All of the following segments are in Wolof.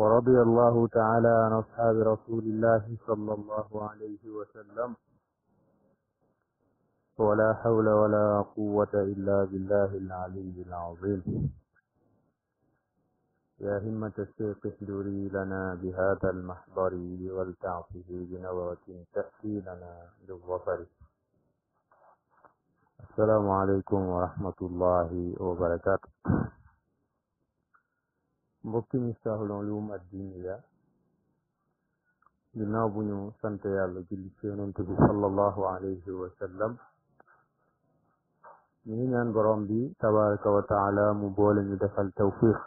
ورضي الله تعالى عن أصحاب رسول الله صلى الله عليه وسلم ولا حول ولا قوة إلا بالله العلي العظيم يا همة الشيخ احذري لنا بهذا المحضر ولتعطه بنظرة تأتي لنا بالظفر السلام عليكم ورحمة الله وبركاته mbokki Miftahul Ulum ad ya ginnaaw bu ñu sant yàlla julli ci yonent bi sallallahu alayhi wa sallam ñu ngi ñaan borom bi tabaraka wa taala mu boole ñu defal tawfiq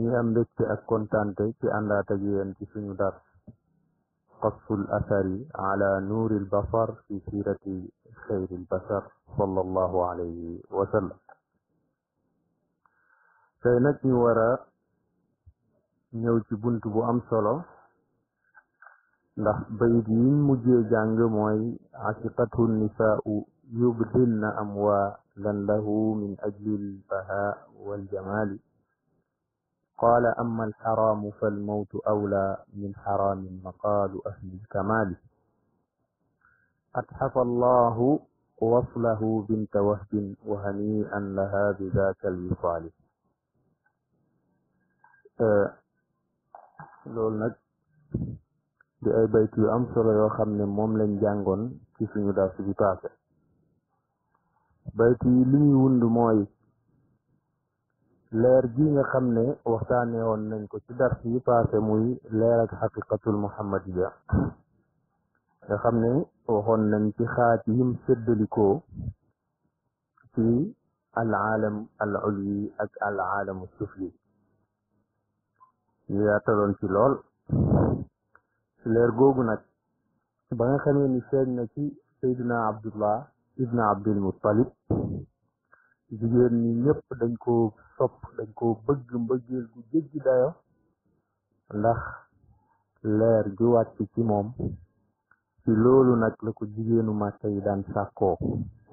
ñu am mbégte ak kontante ci àndaat ak yéen ci suñu dar qasul asari ala nuuril basar fi siirati xayril basar sallallahu alayhi wa sallam tey nag ñu war a ñëw ci bunt bu am solo ndax bayit yiñ mujjee jàng mooy aqiqatu nisaa'u yubdilna amwaalan lahu min ajli albahaa waljamaali قال أما الحرام فالموت أولى من حرام مقال أهل الكمال أتحف الله وصله بنت وهب وهنيئا لها بذاك الوصال loolu nag di ay bayt yu am solo yoo xam ne moom lañ jàngoon ci suñu dars bi passé bayt yi li ñuy wund mooy leer gi nga xam ne waxtaane woon nañ ko ci dars yi paase muy leer ak xaqiqatul muhammadiya nga xam ne waxoon nañ ci xaaj yim séddalikoo ci al aalam al ulwi ak al aalamu sufli yaataloon ci lool leer googu nag ba nga xamee ni feeñ na ci sayduna abdullah ibn abdul muttalib jigéen ñi ñëpp dañ ko sopp dañ ko bëgg mbëggeel gu jéggi dayo ndax leer gi wàcc ci moom ci loolu nag la ko jigéenu màkka yi daan sàkkoo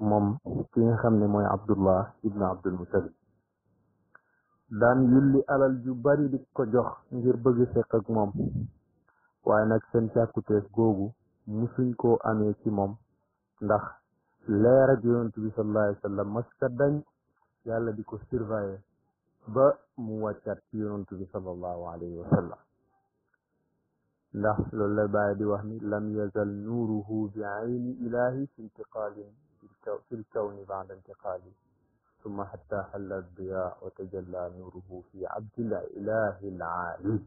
moom ki nga xam ne mooy abdullah ibn abdul daan yulli alal ju bari di ko jox ngir bëgg seq ak moom waaye nag seen càkkuteef googu musuñ koo amee ci moom ndax leer ak yonent bi sallallahu alayhi maska dañ yàlla di ko surveiller ba mu wàccaat ci yonent bi sallallahu alayhi ndax loolu la bàyyi di wax ni lam yazal nuuruhu bi ayni ilahi fi intiqaalin fi l kawni bada intiqaali ثم حتى حل الضياء وتجلى نوره في عبد الإله العالي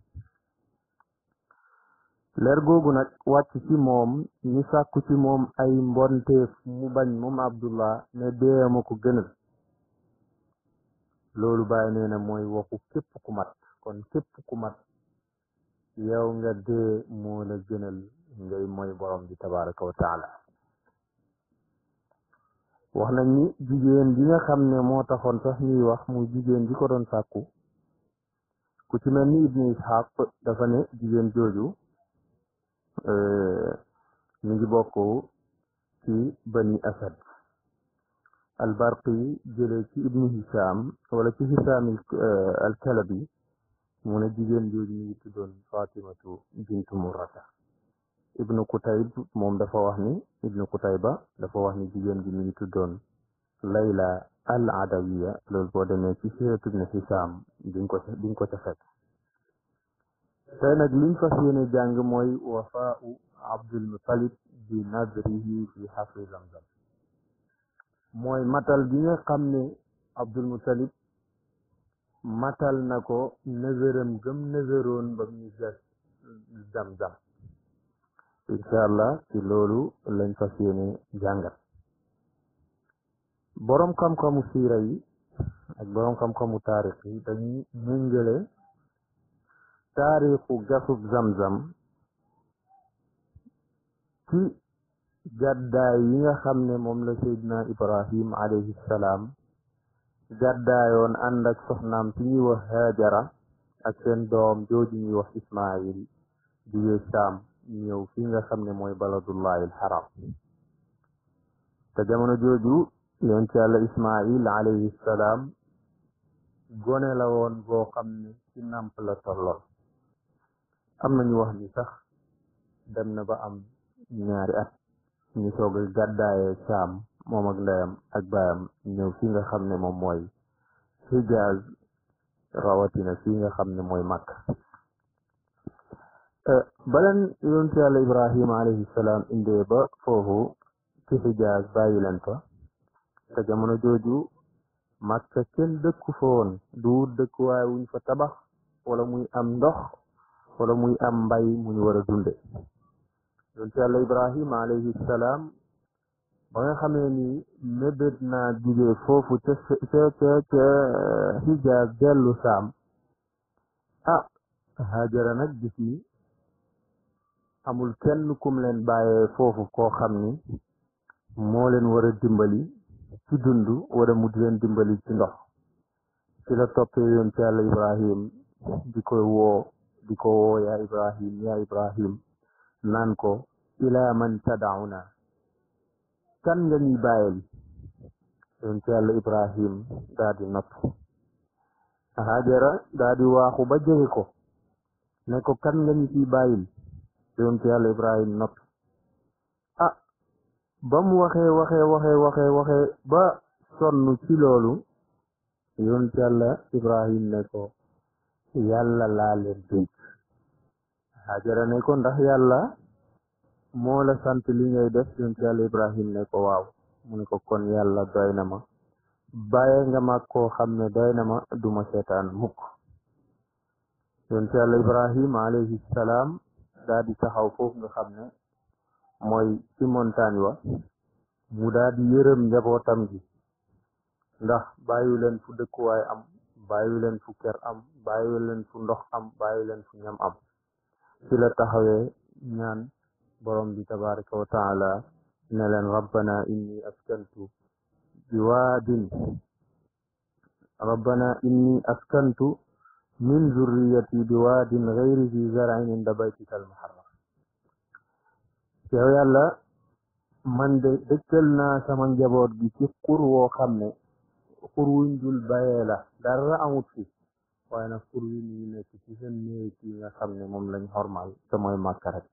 leer googu nag wàcc ci moom ñu sàkku ci moom ay mbonteef mu bañ moom abdullah ne deema ko gënal loolu bàyyi nee na mooy waxu képp ku mat kon képp ku mat yow nga dee moo la ngay mooy borom bi tabaraka wa wax nañ ni jigéen bi nga xam ne moo taxoon sax ñuy wax muy jigéen ji ko doon sàkku ku ci mel ni ibnu ishaq dafa ne jigéen jooju euh, mi ngi bokk ci bani asad albarqi jële ci ibnu hisham wala ci hisham euh, alkalabi mu ne jigéen jooju mi ngi tuddoon fatimatu ibnu Kutayb moom dafa wax ni ibnu Kutayba dafa wax ni jigéen gi mi ngi tuddoon Layla al Adawiya loolu boo demee ci siiratu ibnu Hisaam diñ ko diñ ko ca fekk tey nag liñ fas yéene jàng mooy wafaau Abdul Mutalib bi nadrihi fi xafri zamzam mooy matal gi nga xam ne Abdul na ko incha allah ci loolu lañ fas yéene jàngat boroom xam siira yi ak boroom xam-xamu taarix yi dañuy méngale taarixu gasub zamzam ci gàddaay yi nga xam ne moom la seydina ibrahim alayhi salaam gàddaayoon ànd soxnaam ci ñuy wax jara ak seen doom jooju ñuy wax ismail jugee saam ñëw fi nga xam ne mooy baladullahil haram te jamono jooju yonent yàlla ismail alayhi salaam gone la woon boo xam ne ci nàmp la tolloon am nañu wax ni sax dem na ba am ñaari at ñu soog a gàddaayee saam moom ak ndeyam ak baayam ñëw fi nga xam ne moom mooy hijaaz rawatina fi nga xam ne mooy makka balan yonentu yàlla ibrahima alayhi salaam indee ba foofu ci xijaas bàyyi leen fa te jamono jooju Makka kenn dëkku fa woon du dëkkuwaay wuñ fa tabax wala muy am ndox wala muy am mbay mu ñu war a dunde yonentu yàlla ibrahima alayhi salaam ba nga xamee ni mébét naa jugee foofu ca ca ca saam a ah, hajara nag gis ni amul kenn kum leen bàyyee foofu koo xam ni moo leen war dimbali ci dund wala mu di leen dimbali ci ndox ci la toppee yoon ci yàlla ibrahim di ko woo di ko woo ibrahim yaa ibrahim naan ko ilaa man tadauna kan nga ñuy bàyyeli yoon ci yàlla ibrahim daa di nopp hajara daa di waaxu ba jege ko ne ko kan nga ñu ciy bàyyil yonentu yàlla Ibrahima noppi ah ba mu waxee waxe waxe waxe waxee ba sonn ci loolu yonentu yàlla Ibrahima ne ko yàlla laa leen dénk Hajara ko ndax yàlla moo la sant li ngay def yonentu yàlla Ibrahima ne ko waaw mu ko kon yàlla doy na ma bàyyi nga mag koo xam ne doy ma duma seetaan mukk yonentu yàlla Ibrahima alayhi daa di taxaw foofu nga xam ne mooy ci montagne wa mu daa di yërëm njabootam gi ndax bàyyi leen fu dëkkuwaay am bàyyi leen fu kër am bàyyi leen fu ndox am bàyyi leen fu ñam am ci la taxawee ñaan borom bi tabaraka wa ne leen rabbana inni askantu bi waadin rabbana inni askantu min zurriyati bi waadin gayri zi zarain inda baytika almuharram yow yàlla man de dëkkal naa sama njaboot gi ci xur woo xam ne xur wuñ dul bayee la dara amut fi waaye nag xur wi ñu nekk ci sa néeg yi nga xam ne moom lañ xormal te mooy rek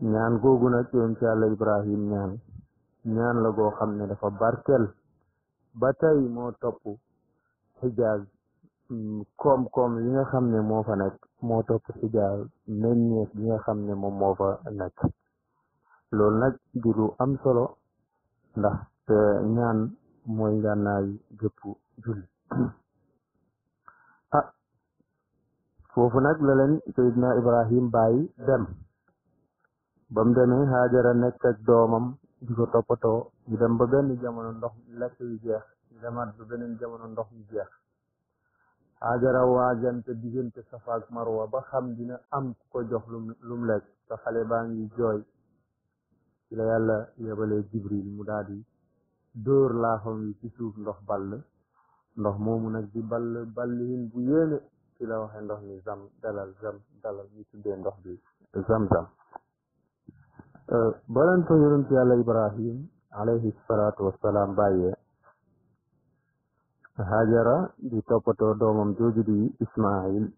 ñaan googu nag yoon ci yàlla ibrahim ñaan ñaan la goo xam ne dafa barkel ba tey moo topp xijaaz koom-koom mm, li nga xam ne moo fa nekk moo topp ci gaal meññeef bi nga xam ne moom moo fa nekk loolu nag di am solo ndax ñaan mooy ngànnaay jëpp julli ah foofu nag la leen Seydina Ibrahim bàyyi dem ba mu demee Haajara nekk ak doomam di ko toppatoo ñu dem ba benn jamono ndox lekk yu jeex ñu demaat ba beneen jamono ndox yu jeex Hajara waajante diggante Safa ak Marwa ba xam dina am ko jox lum lum lekk te xale baa ngi jooy ci la yàlla yebalee Jibril mu daal di dóor laaxam yi ci suuf ndox ball ndox moomu nag di ball balliin bu yéene ci la waxe ndox mi zam dalal zam dalal ñu tuddee ndox bi zam-zam euh, baleen ko yàlla Ibrahim alayhi salaatu wassalaam bàyyee hajara di toppatoo doomam jooju di ismail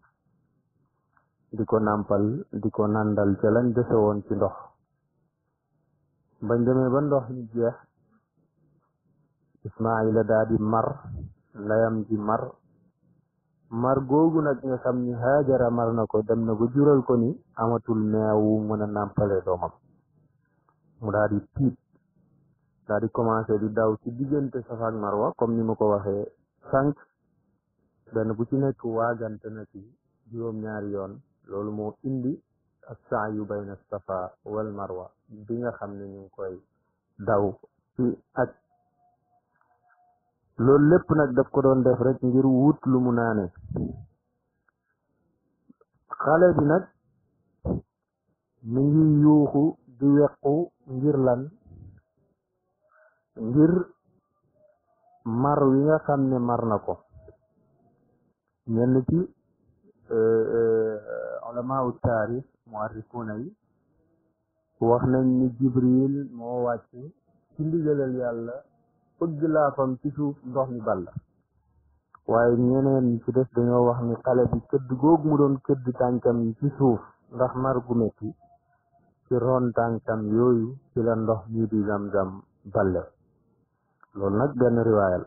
di ko nàmpal di ko nàndal ca lañ dese woon ci ndox bañ deme ba ndox yi jeex ismaila daa di mar layam ji mar mar googu nag nga xam ni hajara mar na ko dem na ba jural ko ni amatul meewu mën a nàmpale doomam mu daa di tiit daa di commencé di daw ci diggante Safa ak Marwa comme ni ma ko waxee sànq benn bu ci nekk waagante na ci juróom-ñaari yoon loolu moo indi ak saa yu bayna safa wal marwa bi nga xam ne ñu ngi koy daw ci ak loolu lépp ko doon def rek ngir wut lumu mu naane xale bi nag mi ngi yuuxu di wequ ngir lan ngir mar wi nga xam ne mar na ko ñenn ci euh, euh, ulama u taarix muarrikuuna yi wax nañ ni jibril moo wàcc ci ndigalal yàlla bëgg laafam ci suuf ndox mi balla waaye ñeneen ñi ci des dañoo wax ni xale bi këdd googu mu doon këdd yi ci suuf ndax mar gu metti ki ron tànkam yooyu ci la ndox mi di zam-zam loolu nag benn riwaayal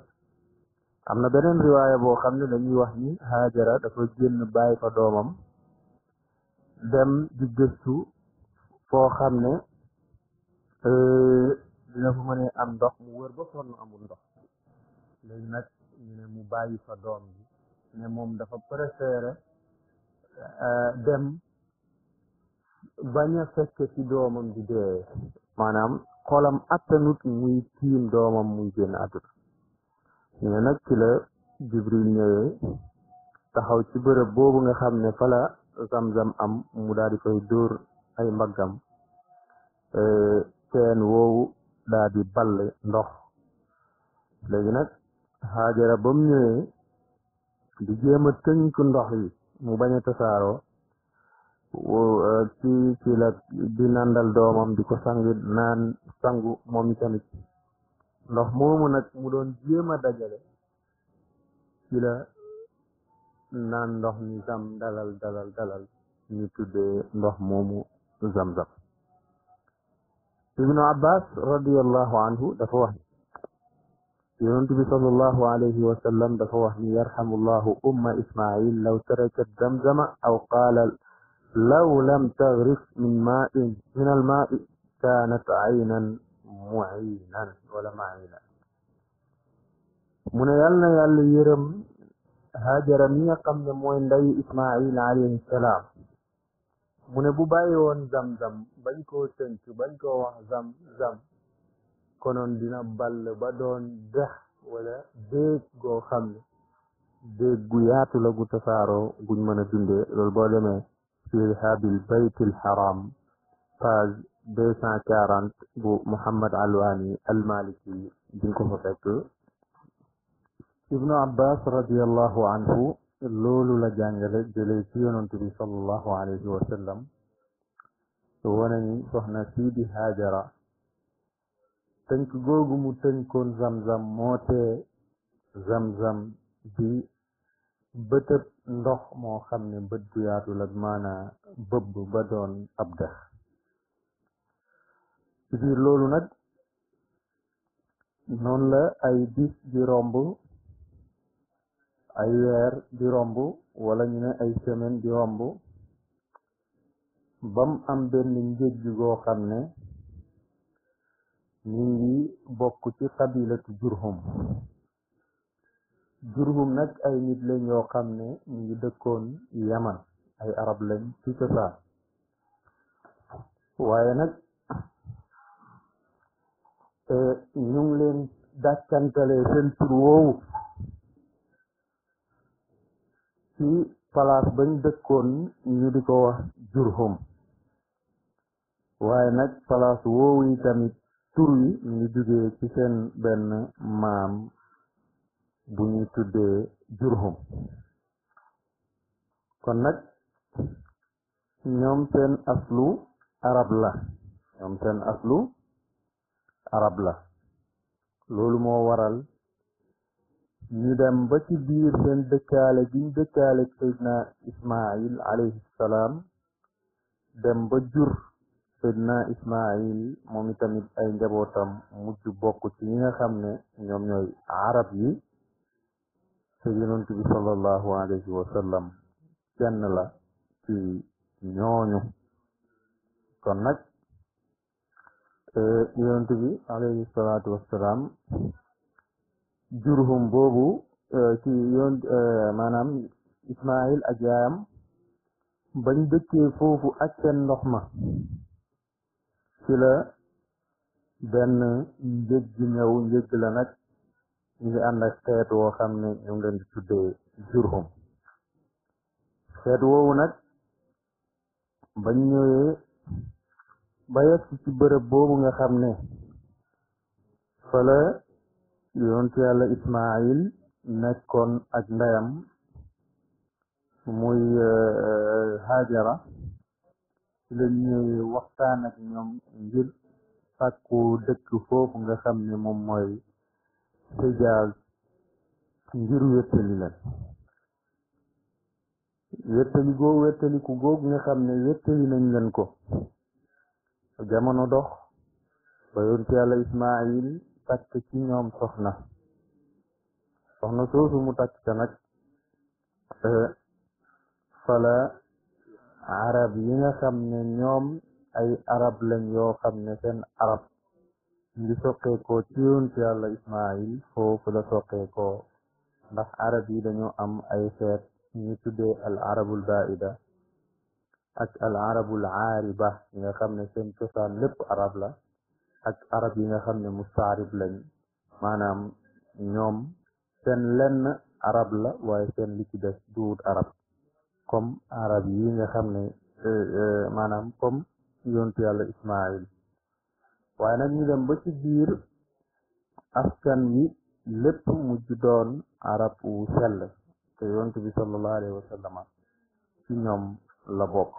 am na beneen riwaaya boo xam ne dañuy wax ni Haajara dafa génn bàyyi fa doomam dem di gëstu foo xam ne euh, dina fa mënee am ndox mu wër ba sonn amul ndox léegi nag ñu ne mu bàyyi fa doom bi ne moom dafa préféré euh, dem bañ a fekke ci doomam di dee maanaam xolam attanut muy tiim doomam muy génn àdduna ne nag ci jibril ñëwee taxaw ci bërëb boobu nga xam ne fala zam-zam am mu daal di koy dóor ay mbaggam euh, teen woowu daal ball ndox léegi nag xaajara ba mu di jéem a tënk ndox yi mu bañ a Eh, ci ci la di nandal doomam di ko sang naan sangu moom itamit ndox moomu nag mu doon jéem a dajale ci la naan ndox mi zam dalal dalal dalal ñu ndox moomu zam-zam ibnu abbas radiallahu anhu dafa wax ni yonentu bi sallallahu alayhi wa sallam dafa wax ni yarhamullahu umma ismail law tarakat zamzama aw qaala law lam tagrif min ma'in min al ma'i kaanat aynan mu'inan wala ma'inan mu ne yàlla na yàlla yërëm hajara mi nga xam ne mooy ndayu ismail alayhi salaam mu ne bu bàyyi woon zam-zam bañ koo tënk bañ koo wax zam-zam konoon dina ball ba doon dex wala déeg goo xam ne déeg gu yaatu la gu tasaaroo guñ mën a dundee loolu boo demee yadhhabi al-bayt al-haram page deux cent quarante bu Muhammad Alwani al-Maliki di nga ko fa fekk ibnu abbas radiallahu anhu loolu la jàngale jëlee ci yonent bi sallallahu alayhi wa sallam wane ni soxna sii di haajara tënk googu mu tënkoon zam-zam moo tee zam-zam bi bëtëb ndox moo xam ne bët bu yaatu la maanaa bëbb ba doon ab dex biir loolu nag noonu la ay bis di romb ay weer di romb wala ñu ne ay semaine di romb bam am benn njëjj goo xam ne ñu ngi bokk ci xabilatu jurhum jurhum nag ay nit lañ yoo xam ne ñu ngi dëkkoon yaman ay arab lañ ci cosaan waaye nag eh, ñu ngi leen dàkkantale seen tur woowu ci palaas bañ dëkkoon ñu di ko wax jurhum waaye nag palaas woowu yi tamit tur yi ñu ngi jugee ci seen benn mam bu ñuy tuddee jurhum kon nag ñoom seen aslu arab la ñoom seen aslu arab la loolu moo waral ñu dem ba ci biir seen dëkkaale gi ñu dëkkaale seydna ba jur seydna ismail moom itamit ay njabootam mujj bokk ci ñi nga xam ne ñoom ñooy arab yi te yonent bi sallallahu alayhi wa kenn la ci ñooñu kon nag eh, yonent bi alayhi salaatu wassalaam jurhum boobu eh, ci yoon eh, maanaam ismail ak yaayam bañ dëkkee foofu ak seen ndox ma ci benn njëg gi ñëw la nag ñu ngi ànd xeet woo xam ne ñu ngi leen di tuddee xeet woowu nag bañ ñëwee ba yegg ci bërëb nga xam ne fala yonentu yàlla Ismaayil nekkoon ak ndeyam muy euh, Haajara ci lañ ñëwee waxtaan ak ñoom ngir sàkku dëkk foofu nga xam ne moom mooy xijaaz ngir wéttali lan wéttali goo wéttaliku goog nga xam ne wéttali nañ leen ko jamono dox ba yoon ci yàlla ismaayil takk ci ñoom soxna soxna soosu mu takk ca nag eh, fala arab yi nga xam ne ñoom ay arab lañ yoo xam ne seen arab ñu ngi soqeekoo ci yonent yàlla ismail foofu la soqeekoo ndax arab yi dañoo am ay xeet ñu tuddee al arabul baida ak al arabul aariba yi nga xam ne seen cosaan lépp arab la ak arab yi nga xam ne mustaarib lañ maanaam ñoom seen lenn arab la waaye seen li ci des arab comme arab yi nga xam ne euh, euh, maanaam comme yontu yàlla ismail waaye nag ñu leen ba ci biir askan wi lépp mujj doon arab wu sell te yonent bi sallallahu alayhi wa sallam ñoom la bokk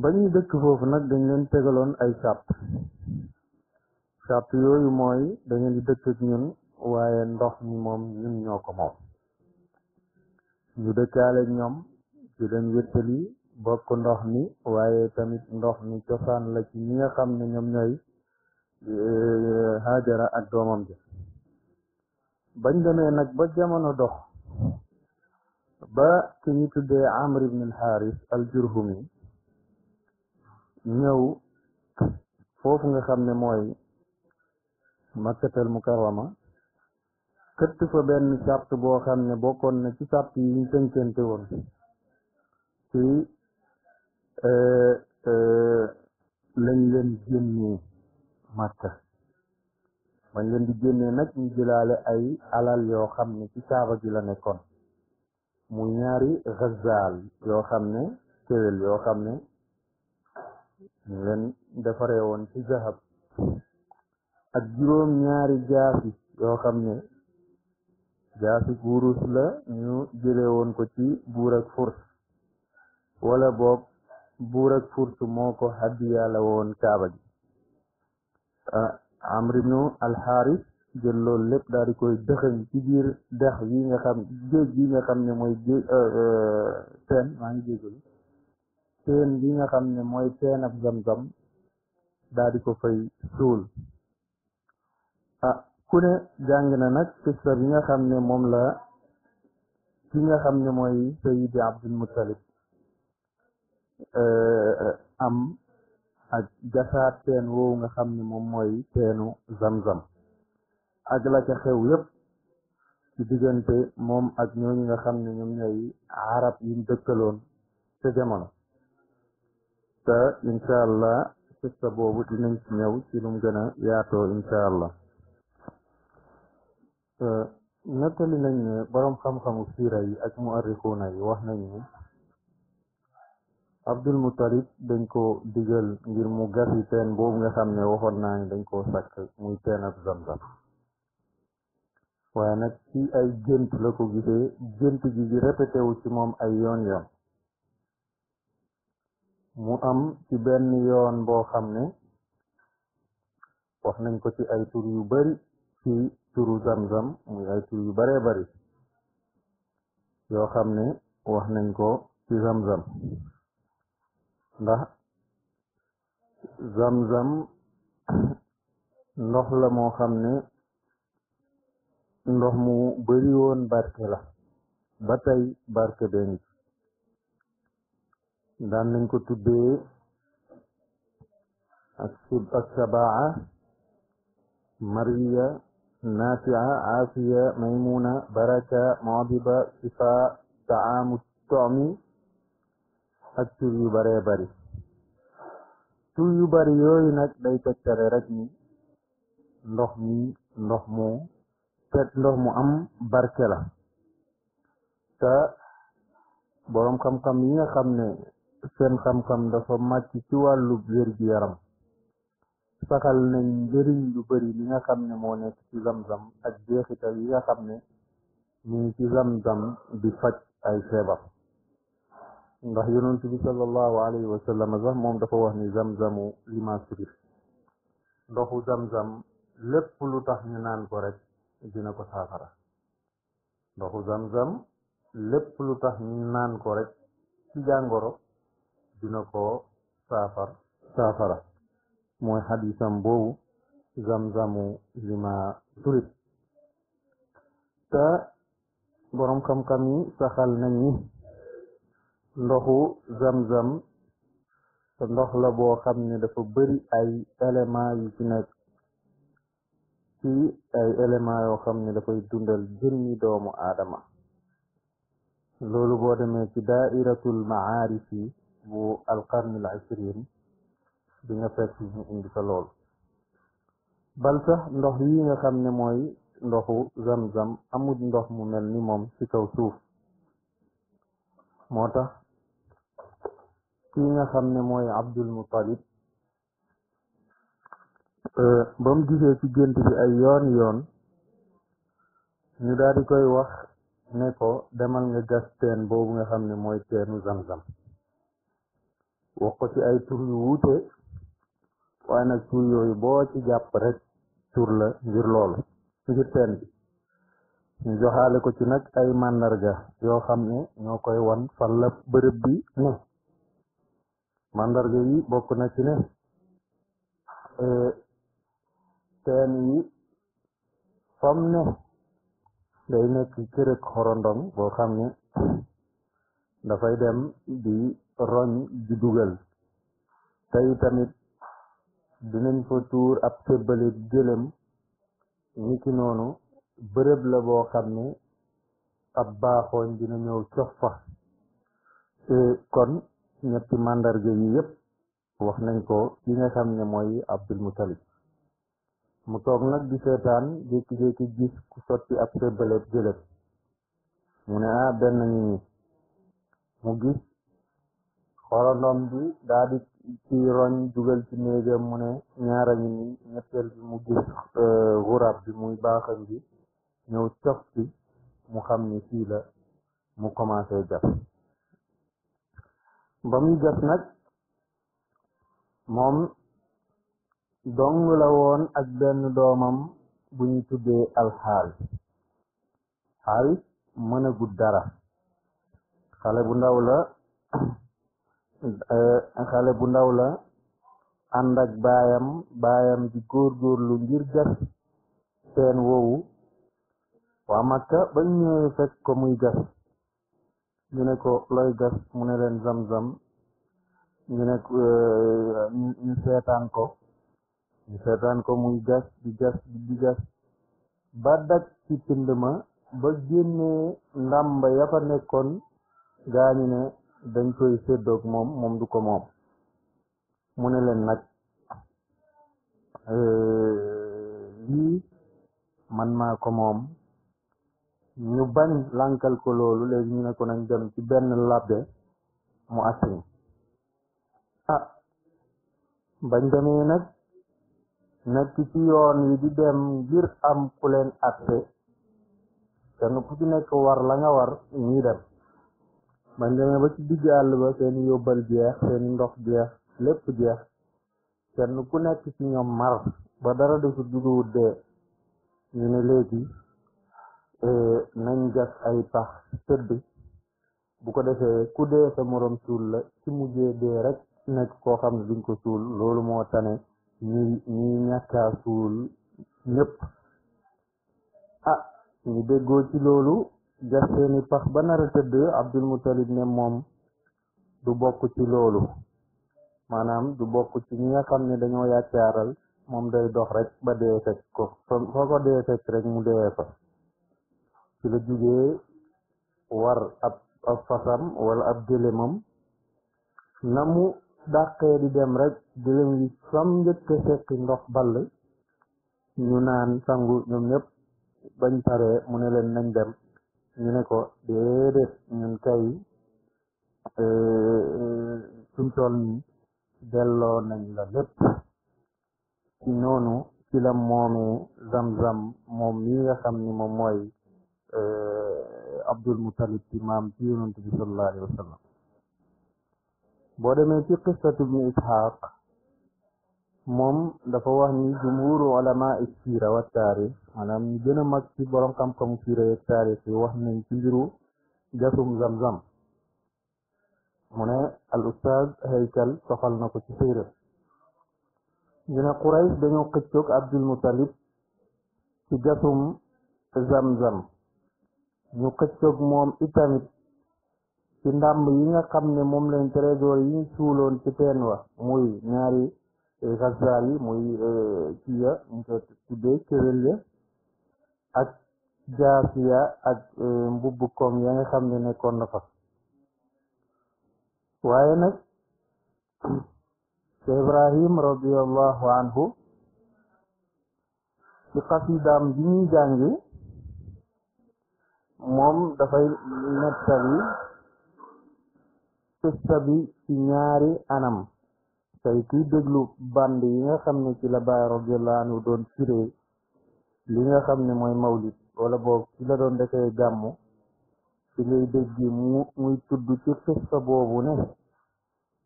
ba ñuy dëkk foofu nag dañ leen tegaloon ay sàpp sàpp yooyu mooy da ngeen di ñun waaye ndox mi moom ñun ñoo ko moom ñu dëkkaale ñoom di leen wéttali bokk ndox mi waaye tamit ndox mi cosaan la ci ñi nga xam ne ñoom ñooy eh, Haajara ak doomam ja bañ demee nag ba jamono dox ba ki ñu tuddee Amr ibn al-Haris al-Jurhumi ñëw foofu nga xam ne mooy Makkatal Mukarrama këtt fa benn sàrt boo xam ne bokkoon na ci sàrt yi ñu tënkante woon ci Euh, euh, lañ leen génnee màkka bañ leen di génnee nag ñu jëlaale ay alal yoo xam ne ci kaaba ji la nekkoon mu ñaari gazaal yoo xam ne kéwél yoo xam ne ñu leen defaree woon ci zahab ak juróom ñaari jaasi yoo xam ne jaasi wurus la ñu jëlee woon ko ci buur ak fur wala boog buur ak fursu moo ko hadiya la woon kaaba gi ah, amr ibnu alxaaris jël loolu lépp daal di koy dëxëñ ci biir dex yi nga xam géej gi nga xam ne mooy géej euh, euh, teen nga xam ne mooy teen ab zam-zam daal di ko fay suul a ah, ku ne jàng na nag qissa bi nga xam ne moom la ki nga xam ne mooy sayidi abdul muttalib Euh, am ak gasaat teen woowu nga xam ne moom mooy teenu zam-zam ak la xew yépp ci diggante moom ak ñooñu nga xam ne ñoom ñooy arab yiñ dëkkaloon ca jamono te incha allah qissa boobu dinañ ci ñëw ci lum gën a yaatoo incha allah euh, nettali nañ ne boroom xam-xamu siira yi ak muarrixuuna yi wax nañ ne Abdul Muttalib dañ ko digal ngir mu gas teen boobu nga xam ne waxoon naa ni dañ koo sàkk muy teen ak zamzam waaye nag ci ay gént la ko gisee gént gi di ci moom ay yoon yoon mu am ci benn yoon boo xam ne wax nañ ko ci ay tur yu bari ci turu zamzam muy ay tur yu baree bari yoo xam ne wax nañ ko ci zamzam ndax zam-zam ndox la moo xam ne ndox mu bari woon barke la ba barke bee ngi ci daan nañ ko tuddee ak sub ak sabaa mariya nafia afiya maymuna baraka modiba sifa taamu tomi ak tur yu baree bari tur yu bari yooyu nag day tegtale rek ni ndox mi ndox mu te ndox mu am barke la te boroom xam-xam yi nga xam ne seen xam-xam dafa màcc ci wàllu wér yaram saxal nañ njëriñ lu bari li nga xam ne moo nekk ci zam-zam ak jeexital yi nga xam ne ñu ngi ci zam-zam di faj ay feebar ndax yonent bi salallahu alayhi wa sallam sax moom dafa wax ni zamzamu lima sibir ndoxu zamzam lépp lu tax ñu naan ko rek dina ko saafara ndoxu zamzam lépp lu tax ñu naan ko rek ci jàngoro dina ko saafar saafara mooy xadisam boobu zamzamu lima surit te boroom xam-xam yi saxal nañ ni ndoxu zamzam te ndox la boo xam ne dafa bari ay élément yu ci nekk ci ay élément yoo xam ne dafay dundal jëmmi doomu aadama loolu boo demee ci daairatul maarifi bu alqarnil ishrin di nga fekk ñu indi fa lool bal ndox yi nga xam ne mooy ndoxu zamzam amul ndox mu mel ni moom ci kaw suuf moo tax kii nga xam ne mooy Abdul Muttalib euh, ba gisee ci gént bi ay yoon yoon ñu daal koy wax ne ko demal nga gas teen boobu nga xam ne mooy teenu zam-zam wax ko ci ay tur yu wuute waaye nag tur yooyu boo ci jàpp rek tur la ngir loolu ngir teen bi ñu joxaale ko ci nag ay màndarga yoo xam ne ñoo koy wan fan la bërëb bi ne màndarga yi bokk na ci ne e, teen yi fam ne day nekk kërëg xorondom boo xam ne dafay dem di roñ di dugal tey tamit dinañ fa tuur ab sébbali gëlëm niki noonu bërëb la boo xam ni ab baaxooñ dina ñëw cox fa kon ñetti màndarga yi yépp wax nañ ko yi nga xam ne mooy Abdul Mutalib mu toog na di seetaan jékki-jékki gis ku sotti ab sébbaleeb gëléb mu ne ah benn ñi ñi mu gis xorondom bi daa ci roñ dugal ci néegam mu ne ñaara ñi ñi bi mu gis euh, xuraab bi muy baaxam bi ñëw cof mu xam ni fii la mu commencé gas ba muy gas nag moom dong la woon ak benn doomam bu ñu tuddee alxaalis xaalis mën a gudd dara xale bu ndaw eh, xale bu ndaw la ànd ak baayam baayam di lu ngir gas seen woowu waa Makka bañ ñëwee fekk ko muy gas ñu ne ko looy gas mu ne leen zam-zam ñu ne eh, ñu seetaan ko ñu seetaan ko muy gas di gas di gas ba daj ci ba génnee ndàmba ya fa nekkoon gaañu ne dañ koy séddoog moom moom du ko moom mu ne leen nag eh, lii man maa ko moom ñu bañ lànkal ko loolu léegi ñu ne ko nañ dem ci benn labbe mu assiñ ah bañ demee nag nekk ci yoon yi di dem ngir am ku leen atte kenn ku ci nekk war la nga war ñuy dem bañ demee ba ci digg àll ba seeni yóbbal jeex seeni ndox jeex lépp jeex kenn ku nekk ci ñoom mar ba dara desu juguwut dee ñu ne léegi E, nañ gas ay pax tëdd bu ko defee ku dee sa morom suul la ci mujjee dee rek nekk koo xam ne duñ ko suul loolu moo tane ñu ñuy ñàkkaa suul ñëpp ah ñu déggoo ci loolu gas seeni pax ba nar a tëdd abdul mutalib ne moom du bokk ci loolu maanaam du bokk ci ñi nga xam ne dañoo yàccaaral moom day dox rek ba dee fekk ko foo ko dee fekk rek mu dee fa ci la jugee war ab ab fasam wala ab gëléemam na mu dàqee di dem rek gëléem yi sam njëkke fekki ndox ball ñu naan sangu ñoom ñëpp bañ paree mu ne leen nañ dem ñu ne ko déedéet ñun kay euh, suñ toll nii nañ la lépp ci noonu ci zam-zam moom mi nga xam ni moom mooy abdul mutalib ci maam ci yonent bi sallallahu alayhi wa sallam boo demee ci qissatu ibni ishaq moom dafa wax ni jumhuru ulama siira wa taarix maanaam ñu gën a mag ci borom xam-xamu siira yeeg taarix yi wax nañ ci mbiru gasum zamzam mu ne al ustaaz haykal soxal na ko ci siira ñu ne quraysh dañoo xëccoog abdul mutalib ci gasum zamzam ñu xëccoog moom itamit ci ndàmb yi nga xam ne moom lañ trésor yi ñu suuloon ci teen wa muy ñaari xasal e, yi muy e, kiya ñu ko tuddee kéwél ya ak jaasiya ak e, ya nga xam ne nekkoon na fa waaye nag te ibrahim radiallahu anhu ci xasidaam bi ñuy jàngi moom dafay nettali qissa ci ñaari anam tey kuy déglu band yi nga xam ne ci la Baay radiyallahu anhu doon firee li nga xam ne mooy mawlid wala boog ci la doon defee gàmmu ci ngay dégg mu muy tudd ci qissa boobu ne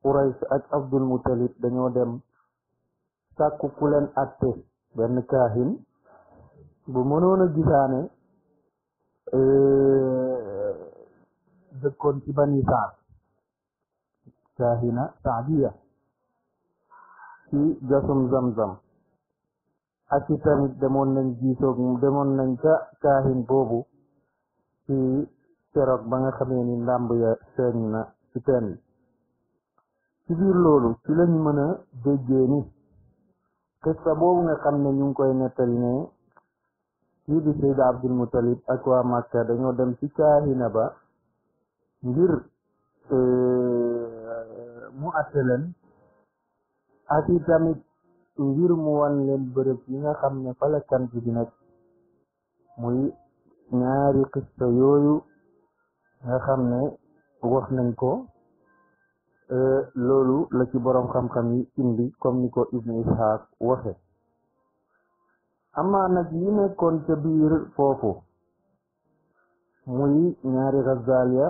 Quraysh ak Abdul Muttalib dañoo dem sàkku ku leen atte benn kaahin bu mënoon gisaane dëkkoon ci bani saad kaahina saadiya ci jasum zamzam ak ci tamit demoon nañ giisoog demoon nañ ca kaahin boobu ci ba nga xamee ni ndàmb ya feeñ na ci teen bi ci biir loolu ci lañ mën a déggee ni xista boobu nga kii di sayda abdul mutalib ak waa màkka dañoo dem ci na ba ngir eh, mu atte leen ak i tamit ngir mu wan leen bërëb yi nga xam ne fa la kan bi di nekk muy ñaari xista yooyu nga xam ne wax nañ ko eh, loolu la ci boroom xam-xam yi indi comme ni ko ibnu isxaaq waxe amaa nag yi nekkoon ca biir foofu muy ñaari xazaal ya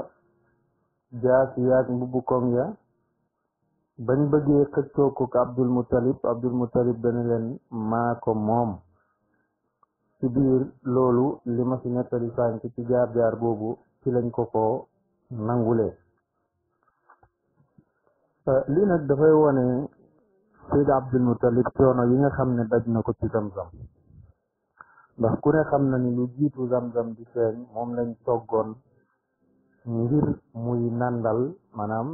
jaasi yaag mbubbu koŋ ya bañ bëggee xëccoo ko abdul muttalib abdul muttalib dana leen maa moom ci biir loolu li ma ci nettali sànk ci jaar jaar boobu ci lañ ko ko nangulee euh, lii nag dafay wone Sayd Abdul Muttalib coono yi nga xam ne daj na ko ci Zamzam ndax ku xam na ni lu jiitu zam-zam di feeñ moom lañ toggoon ngir muy nandal maanaam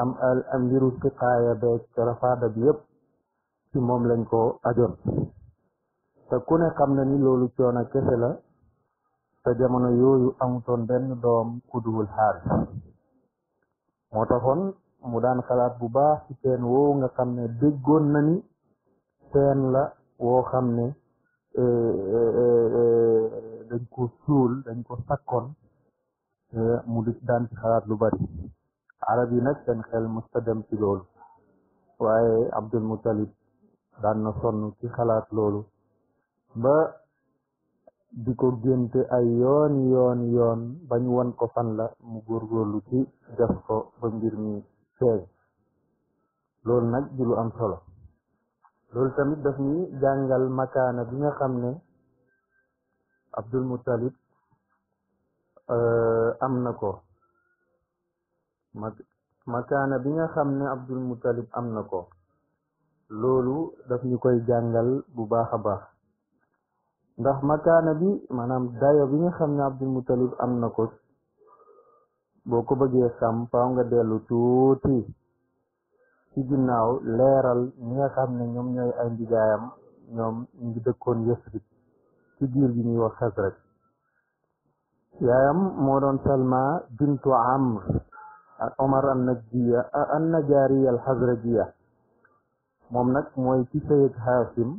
am am mbiru siqaaya beeg rafaada bi yépp ci moom lañ ko ajoon te ku ne xam na ni loolu coono kese la te jamono yooyu amutoon benn doom ku duwul xaalis moo taxoon mu daan xalaat bu baax ci teen woowu nga xam ne déggoon na ni teen la woo xam ne Euh, euh, euh, dañ ko suul dañ ko sakkoon mu di daan ci xalaat lu bari arab yi nag seen xel mësta dem ci loolu waaye Abdul Muttalib daan na sonn ci xalaat loolu ba di ko ay yoon yoon yoon bañ won ko fan la mu góorgóorlu ci def ko ba mbir mi feeñ loolu nag di lu am loolu tamit daf ñuy jàngal makaana bi nga xam ne Abdul Muttalib euh, am na ko makaana bi nga xam ne Abdul Muttalib am na ko loolu daf ñu koy jàngal bu baax a baax ndax makaana bi maanaam dayo bi nga xam ne Abdul Muttalib am na ko boo ko bëggee xam faaw nga dellu tuuti ci ginnaaw leeral ñi nga xam ne ñoom ñooy ay ndijaayam ñoom ñu ngi dëkkoon yasrib ci giir ñuy wax xasraj yaayam moo doon salma bintu amr ak omar an najdiya an najariya al xasrajiya moom nag mooy ci sëyëg xaasim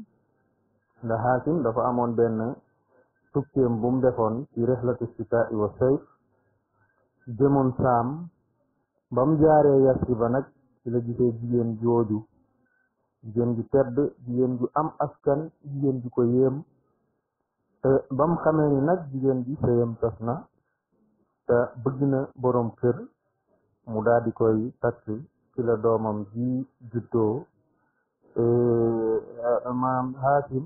nda xaasim dafa amoon benn tukkeem bu mu defoon ci rexlatu sitaa'i wa sayf jëmoon saam ba jaaree yasriba nag ci la gisee jigéen jooju jigéen ju tedd jigéen ju am askan jigéen ju ko yéem ba mu nag jigéen ji sëyam tas na te bëgg na boroom kër mu daal di koy takk ci doomam ji juddoo eh, maam xaatim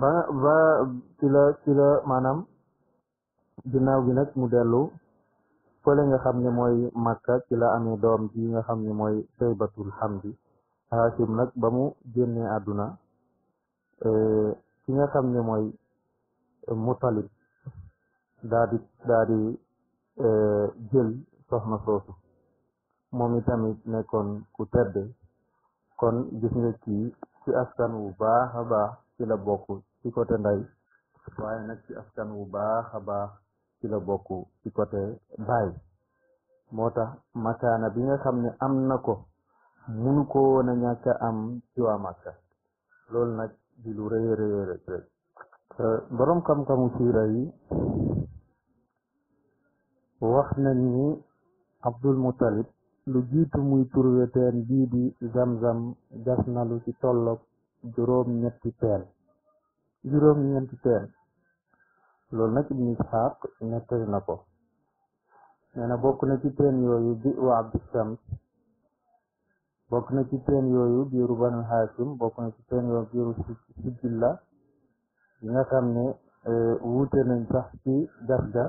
ba ba ci la ci la maanaam ginnaaw gi nag mu dellu fële nga xam ne mooy Makka ci la amee doom ji nga xam ne mooy Saybatul Hamdi Hashim nag ba mu génnee àdduna e, ki nga xam ni mooy Mutalib daa di daa e, jël soxna soosu moom itamit nekkoon ku tedd kon gis nga kii ci askan wu baax a baax ci la bokk ci côté ndey waaye nag ci askan wu baax a baax ci bokk ci côté baay moo tax makaana bi nga xam ne am na ko munu ko woon ñàkk am ci waa Makka loolu nag di lu rëy rëy rëy boroom xam-xamu siira yi wax nañ ni Abdul Muttalib lu jiitu muy turwe teen bii zam-zam gas na lu ci tolloog juróom ñetti teen juróom ñetti teen loolu nag ibnu isxaaq nettali na ko nee bokk na ci teen yooyu bi wa abdu shams bokk na ci teen yooyu biiru banu hashim bokk na ci teen yooyu biiru sijilla yi nga xam ne eh, wuute nañ sax ci gas ga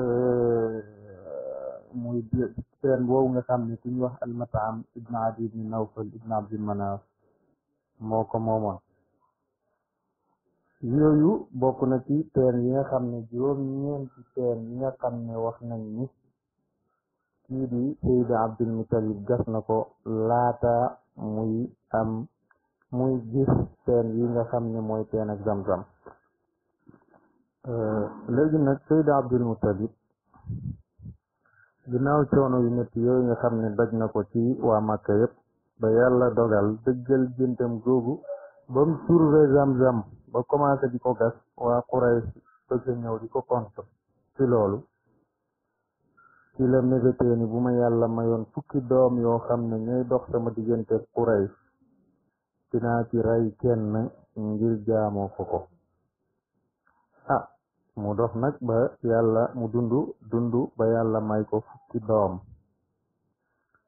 eh, muy teen boobu nga xam ne ku wax almataam ibnu adi ibnu nawfal ibnu abdul manaaf moo ko moomoon yooyu bokk na ci teen yi nga xam ne juróom ñeenti teen yi nga xam ne wax nañ ni kii di Seydi Abdul Mutalib gas na ko laata muy am muy gis teen yi nga xam ne mooy teen ak zamzam euh, léegi nag Seydi Abdul Mutalib ginnaaw coono yu métti yooyu nga xam ne daj na ko ci waa Màkka yépp ba yàlla dogal dëggal géntam googu bam turve zamzam ba commencé di ko gas waa Quraysh bëgg a ñëw contre ci loolu ci la mébétee ni ma yàlla mayoon fukki doom yoo xam ne ñooy dox sama diggante Quraysh dinaa ci rey kenn ngir jaamoo ko ko ah mu dox nag ba yàlla mu dundu dund ba yàlla may ko fukki doom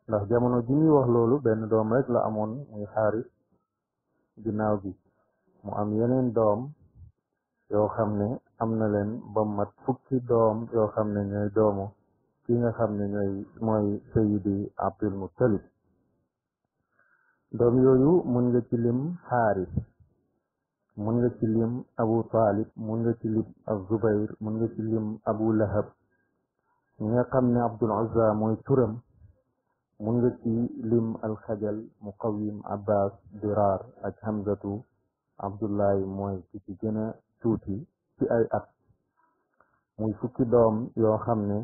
ndax jamono ji wax loolu benn doom rek la amoon muy Xaaris ginnaaw gi mu am yeneen doom yoo xam ne am na leen ba mat fukki doom yoo xam ne ñooy doomu ki nga xam ne ñooy mooy sayidi abdul muttalib doom yooyu mun nga ci lim xaaris mun nga ci lim abu talib mun nga ci lim ab zubair mun nga ci lim abu lahab ñi nga xam ne abdul uzza mooy turam mun nga ci lim alxajal muqawim abbas dirar ak hamzatu abdullahi mooy ki ci gën a tuuti ci ay at muy fukki doom yoo xam ne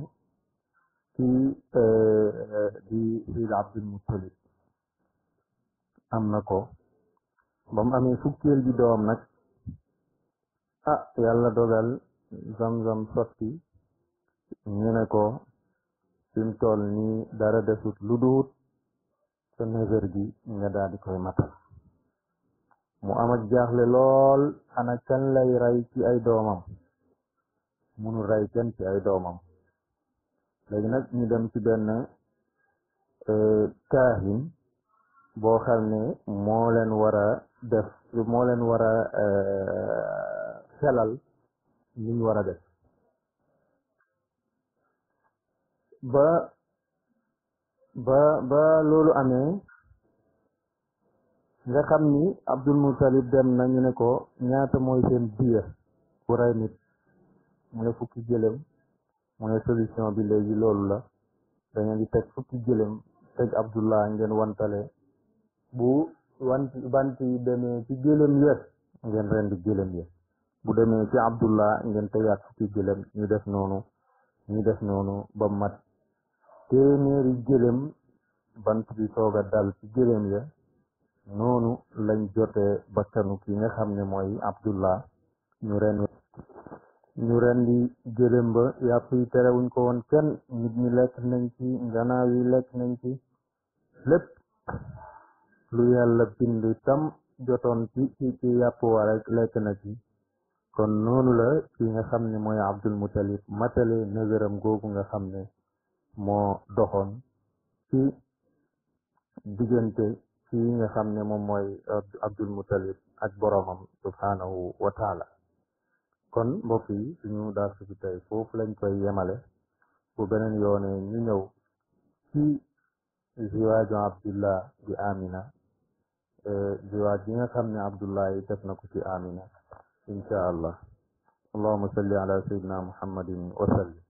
ci euh, di siid abdul muttalib am na ko ba mu amee fukkeel doom nag ah yàlla dogal zam-zam sotti ñu ko fi mu toll nii dara desut lu duut sa nga daal di matal mu am ak jaaxle lool ana kan lay rey ci ay doomam munul ray kenn ci ay doomam léegi nag ñu dem ci benn euh, kaahin boo xam ne moo leen war a def moo leen war a euh, xelal liñ war def ba ba ba loolu amee nga xam ni Abdul Mutalib dem na ñu ne ko ñaata mooy seen diya bu rey mu ne fukki gëléem mu ne solution bi léegi loolu la da di teg fukki gëléem teg Abdullah ngeen wantale bu wan bant yi demee ci gëléem yëpp ngeen rendi gëléem yëpp bu demee ci Abdullah ngeen tegaat fukki gëléem ñu def noonu ñu def noonu ba mat téeméeri gëléem bant bi soog a dal ci gëléem ya noonu lañ jote bakkanu ki nga xam ne mooy abdullah ñu ren ñu ren di gëlëm ba yàpp yi terewuñ ko woon lekk nañ ci nganaaw yi lekk nañ ci lépp lu yàlla bind tam jotoon ci ci ci yàpp lekk na ci kon noonu la ki nga xam ne mooy abdul mutalib matale nëgëram googu nga xam ne moo doxoon ci diggante kii nga xam ne moom mooy abdul mutalib ak boroomam subhaanahu wa kon mbokk yi suñu darsu bi tey foofu lañ koy yemale bu beneen yoone ñu ñëw ci ziwaaju abdullah di amina e, ziwaaj bi nga xam ne abdullah yi def na ko ci amina insha allah allahuma salli ala sayyidina muhammadin wa